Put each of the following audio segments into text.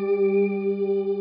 Thank you.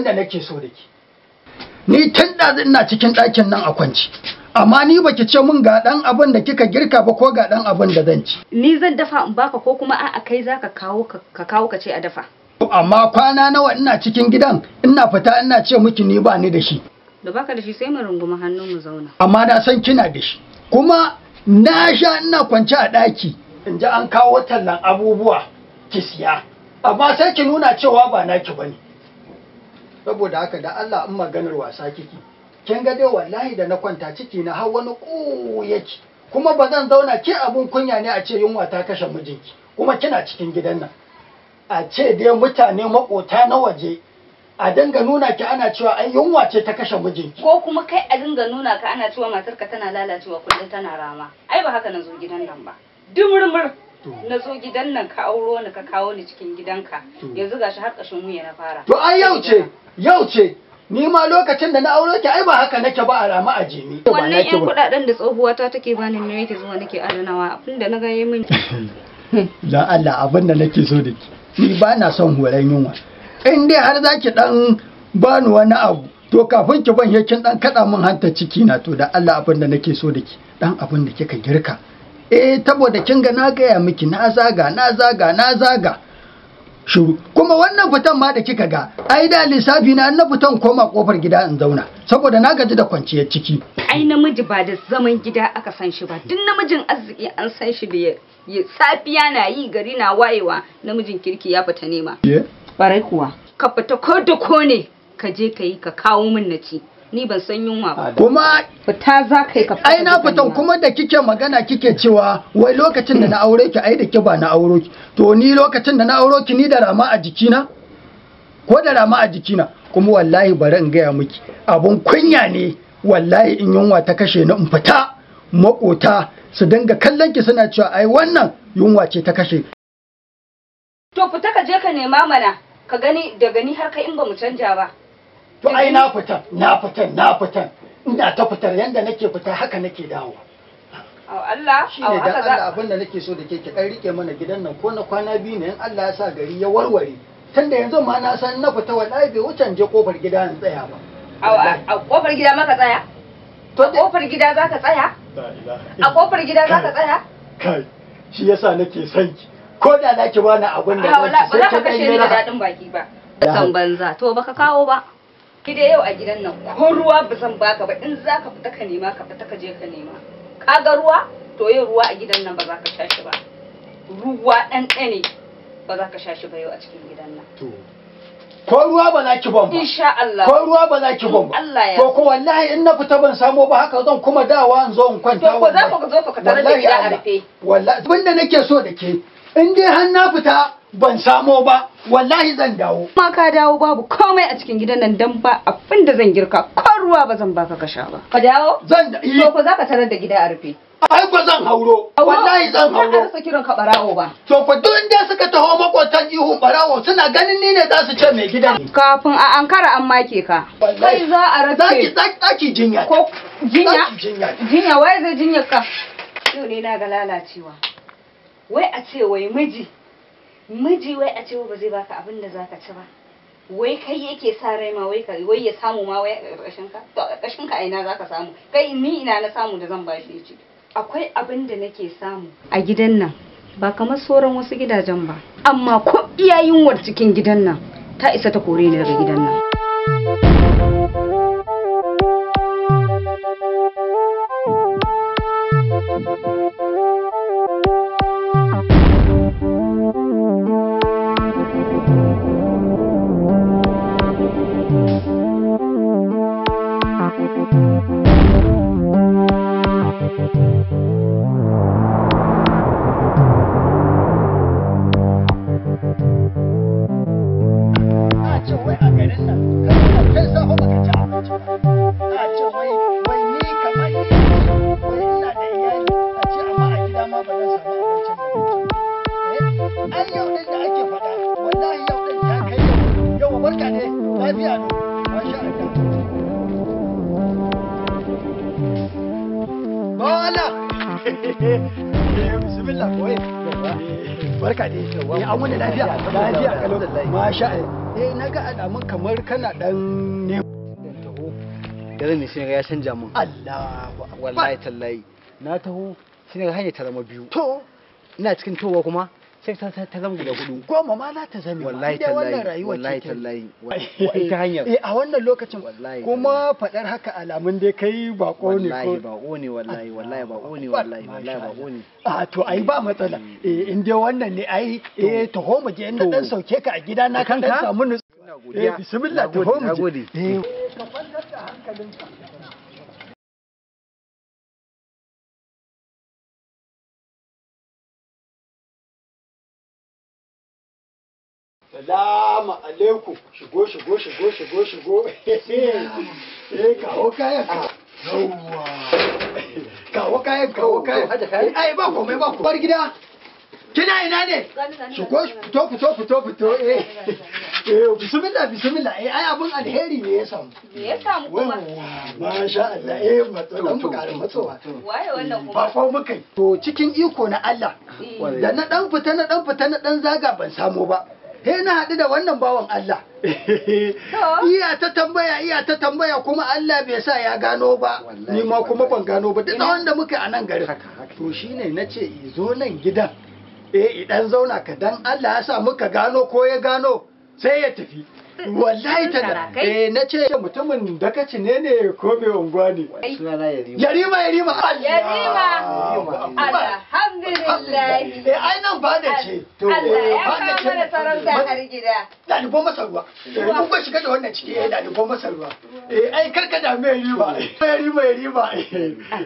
Wanda nake so da ke ni tun da ina cikin ɗakin nan a kwanci amma ni baki ce mun ga ɗan abin da kika girka ba ko ga ɗan abin da zan ci ni zan dafa in baka ko kuma a'a kai zaka kawo ka kawo ka ce a dafa amma kwana nawa ina cikin gidan ina fita ina ce miki ni ba ni da shi da baka da shi sai mu runguma hannu mu zauna amma na san kina da shi kuma na sha ina kwance a ɗaki in ji an kawo tallan abubuwa ki siya amma sai ki nuna cewa ba naki bane saboda haka da Allah in maganar wasa kiki kin ga dai wallahi da na kwanta ciki na har wani ku yake kuma ba zan zauna ke abun kunya ne a ce yunwa ta kashe mijinki kuma kina cikin gidan nan a ce dai mutane makota na waje a dinga nuna ki ana cewa ai yunwa ce ta kashe mijinki ko kuma kai a dinga nuna ka ana cewa matarka tana lalacewa kullum tana rama ai ba haka na zo gidan nan ba dumurmur na zo gidan nan ka auro ni ka kawo ni cikin gidanka yanzu gashi har ƙashin wuya na fara to ai yau ce yau ce ni ma lokacin da na auro ki ai ba haka nake ba a rama a jimi wannan yan kudaden da tsohuwata take bani ne yake zuwa nake adanawa abin da na gaye mini. min dan Allah abin da nake so da ki ni ba na son horan yunwa in dai har zaki dan bani wani abu to kafin ki ban yakin dan kada min hanta ciki na to da Allah abin da nake so da ki dan abin da kika girka eh saboda kin ga na gaya miki na zaga na zaga na zaga kuma wannan fitan ma da kika ga ai da lissafi na na fitan koma kofar gida in zauna saboda na gaji da kwanciyar ciki ai namiji ba da zaman gida aka san shi ba duk namijin arziki an san shi da safiya na yi gari na wayewa namijin kirki ya fita nema barai kuwa ka fita ko da ko ne ka je ka yi ka kawo min na ci ni ban san yunwa ba kuma fita za ka yi ai na fitan kuma da kike magana kike cewa wai lokacin da na aure ki ai da ki ba na aure ki to ni lokacin da na aure ki ni da rama a jikina ko da rama a jikina kuma wallahi bari in gaya miki abun kunya ne wallahi in yunwa ta kashe ni in fita makota su dinga kallon ki suna cewa ai wannan yunwa ce ta kashe to fita ka je ka nema mana ka gani daga ni har ka in ba mu canja ba to ai na fita na fita na fita ina ta fitar yanda nake fita haka nake dawo Allah shi ne dan Allah abinda nake so da ke ki dan rike mana gidan nan ko na kwana biyu ne in Allah ya sa gari ya warware tunda yanzu ma na san na fita wallahi bai wuce je kofar gida in tsaya ba a kofar gida maka tsaya to a kofar gida zaka ka tsaya a kofar gida za ka tsaya kai shi yasa nake son ki ko da na ki bani abin da zan sai ka kashe ni da dadin baki ba san banza to baka kawo ba Ki da yau a gidan nan ko ruwa ba zan baka ba in za ka fita ka nema ka fita ka je ka nema. Ka ga ruwa to yin ruwa a gidan nan ba za ka sha shi ba. Ruwa ɗanɗane ba za ka sha shi ba yau a cikin gidan nan. ko ruwa ba za ki ban ba insha Allah ko ruwa ba za ki ban ba Allah ya ko ko wallahi in na fita ban samo ba haka zan kuma dawa in zo in kwanta to ko za ka zo ka tare da gida a rufe wallahi abinda nake so da ke in dai har na fita ban samo ba wallahi zan dawo ma ka dawo babu komai a cikin gidan nan dan ba abin da zan girka ko ruwa ba zan baka ka ba ka dawo zan da ko zaka tarar da gida a rufe ai ko zan hauro wallahi zan hauro ba rasa kiran ka barawo ba to ko duk inda suka taho makwatan ihu barawo suna ganin ni ne za su ce mai gidan kafin a ankara an make ka kai za a rufe zaki zaki jinya ko jinya jinya wai zai jinya ka yau ne na ga lalacewa wai a ce wai miji miji wai a ce ba zai baka abin da zaka ci ba wai kai yake sa rai ma wai wai ya samu ma wai ƙarshen ka to ƙarƙashin ka aina zaka samu kai ni ina na samu da zan bashi ya ci akwai abin da nake samu a gidan nan ba kamar sauran wasu gidajen ba amma ko iyayen cikin gidan nan ta isa ta kore ni daga gidan nan Thank you. barka dai yawa an wani lafiya lafiya kalau masha Allah eh alamun kamar kana dan ne yanzu ne shine ya canja mun wallahi tallahi na taho shine hanya ta zama biyu to ina cikin towa kuma sai ta ta zama guda hudu goma ma za ta zame wallahi tallahi wallahi tallahi ita hanyar eh a wannan lokacin kuma fadar haka alamun dai kai ko ne ko wallahi ko ne wallahi ah, wallahi ko ne wallahi wallahi ko ne a ah, to ai ba matsala eh. eh in dai wannan ne ai eh taho mu je inda dan sauke ka a gida na kan samu nutsuwa eh bismillah taho mu je eh ka kwantar da hankalinka salamu alaikum shigo shigo shigo shigo shigo eh kawo kayan yawwa kawo kayan kawo kayan eh, ai ba komai ba bar gida kina ina ne shigo fito fito fito fito eh eh bismillah bismillah eh ai abun alheri ne ya samu me ya samu kuma masha Allah eh matsalan mu karin matsowa waye wannan kuma ba fa muka to cikin iko na Allah eh. da na dan fita na dan fita na dan zaga ban samu ba he na haɗu da wannan bawan Allah iya ta tambaya iya ta tambaya kuma Allah bai sa ya gano ba ni ma kuma ban gano ba da wanda muka a nan garin to shine nace ce zo nan gidan eh idan zauna ka dan Allah ya sa muka gano ko ya gano sai ya tafi wallahi ta da. eh na ce mutumin dakaci ne ne ko mai unguwa ne sunana yarima yarima yarima alhamdulillah eh ai nan ba da ce to ba eh, da ce da sarauta har gida dalibon masa ruwa kun ba shiga da wannan ciki eh dalibon masa ruwa eh ai karka da mai yarima yarima yarima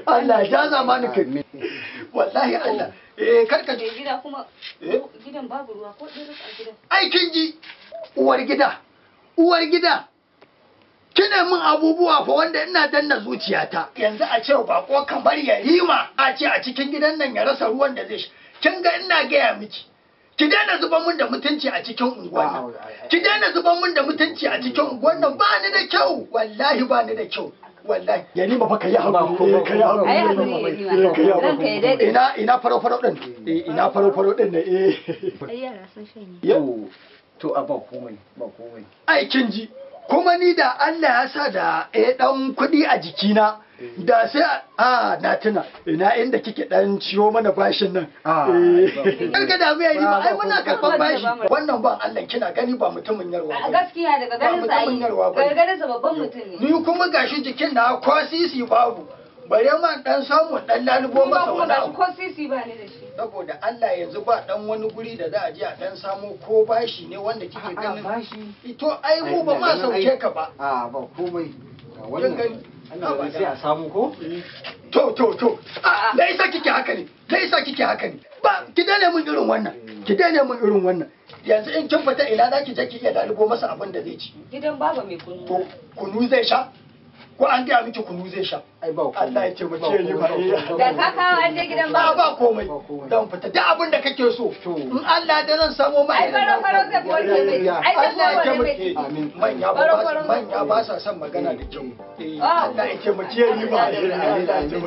Allah ya zamanin kai wallahi Allah eh karka gida kuma eh? gidan babu ruwa ko ɗaya a gidan ai kin ji uwar gida uwar gida kina min abubuwa fa wanda ina danna zuciyata yanzu a ce ko kan bar ya rima a ce a cikin gidan nan ya rasa ruwan da zai sha kin ga ina gaya miki ki daina zuba mun da mutunci a cikin unguwan nan ki daina zuba mun da mutunci a cikin unguwan nan ba ni da kyau wallahi ba ni da kyau wallahi yani ba ka yi hakuri ka yi hakuri ai hakuri ka yi ina ina faro faro din eh, ina faro faro din ne eh ayya rasa shi ne yau to a ba komai ba komai ai kin ji kuma ni da Allah ya sa da eh dan kuɗi a jikina eh. da sai a na tuna ina inda kike dan ciwo mana bashin nan ah, eh. kar ka damu yayi ba ai muna karban bashi wannan ba Allah kina gani ba mutumin yarwa ba gaskiya daga ganin sa ai gargarin sa babban mutum ne ni kuma gashi jikin na kwasisi babu bare ma dan samu dan lalubo masa wani ko sisi ba ne da shi saboda Allah yanzu ba dan wani guri da za a je a dan samo ko bashi ne wanda kike ganin bashi to ai mu ba ma sauke ka ba a ba komai wannan Allah sai a samu ko to to to dai isa kike haka ne dai isa kike haka ne ba ki dane mun irin wannan ki dane mun irin wannan yanzu in kin fita ila za ki je ki iya dalibo masa abin da zai ci gidan baba mai kunu to kunu zai sha ko an gaya miki kunu zai sha Allah ya ce mu ce yi ba da ka kawo an gidan ba ba komai dan fita duk abin da kake so in Allah da zan samo mai ai baro baro ka bori ai Allah ya ce mu amin manya ba manya ba sa san magana da jin eh, eh, ah. Allah ya ce mu ce yi bari Allah ya ce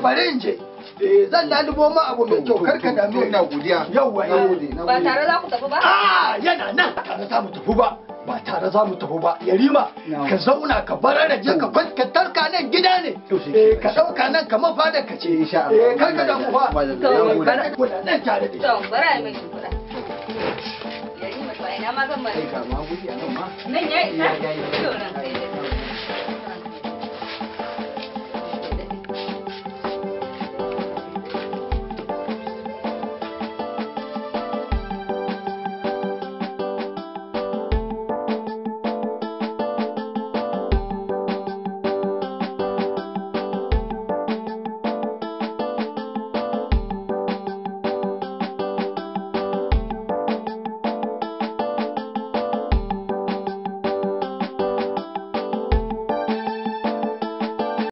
mu ce eh zan da dubo ma abu mai kyau karka da eh. na godiya yawwa yau ba tare za ku tafi ba a ah, yana nan ka za mu tafi ba ba tare za mu tafi ba yarima ka zauna ka bar je ka kwas tarka nan gida ne eh, ka dauka nan kamar mafa da ka ce eh, insha Allah eh, kar ka damu fa nan tare da shi bara mai yarima ba ina ma zan nan nan ka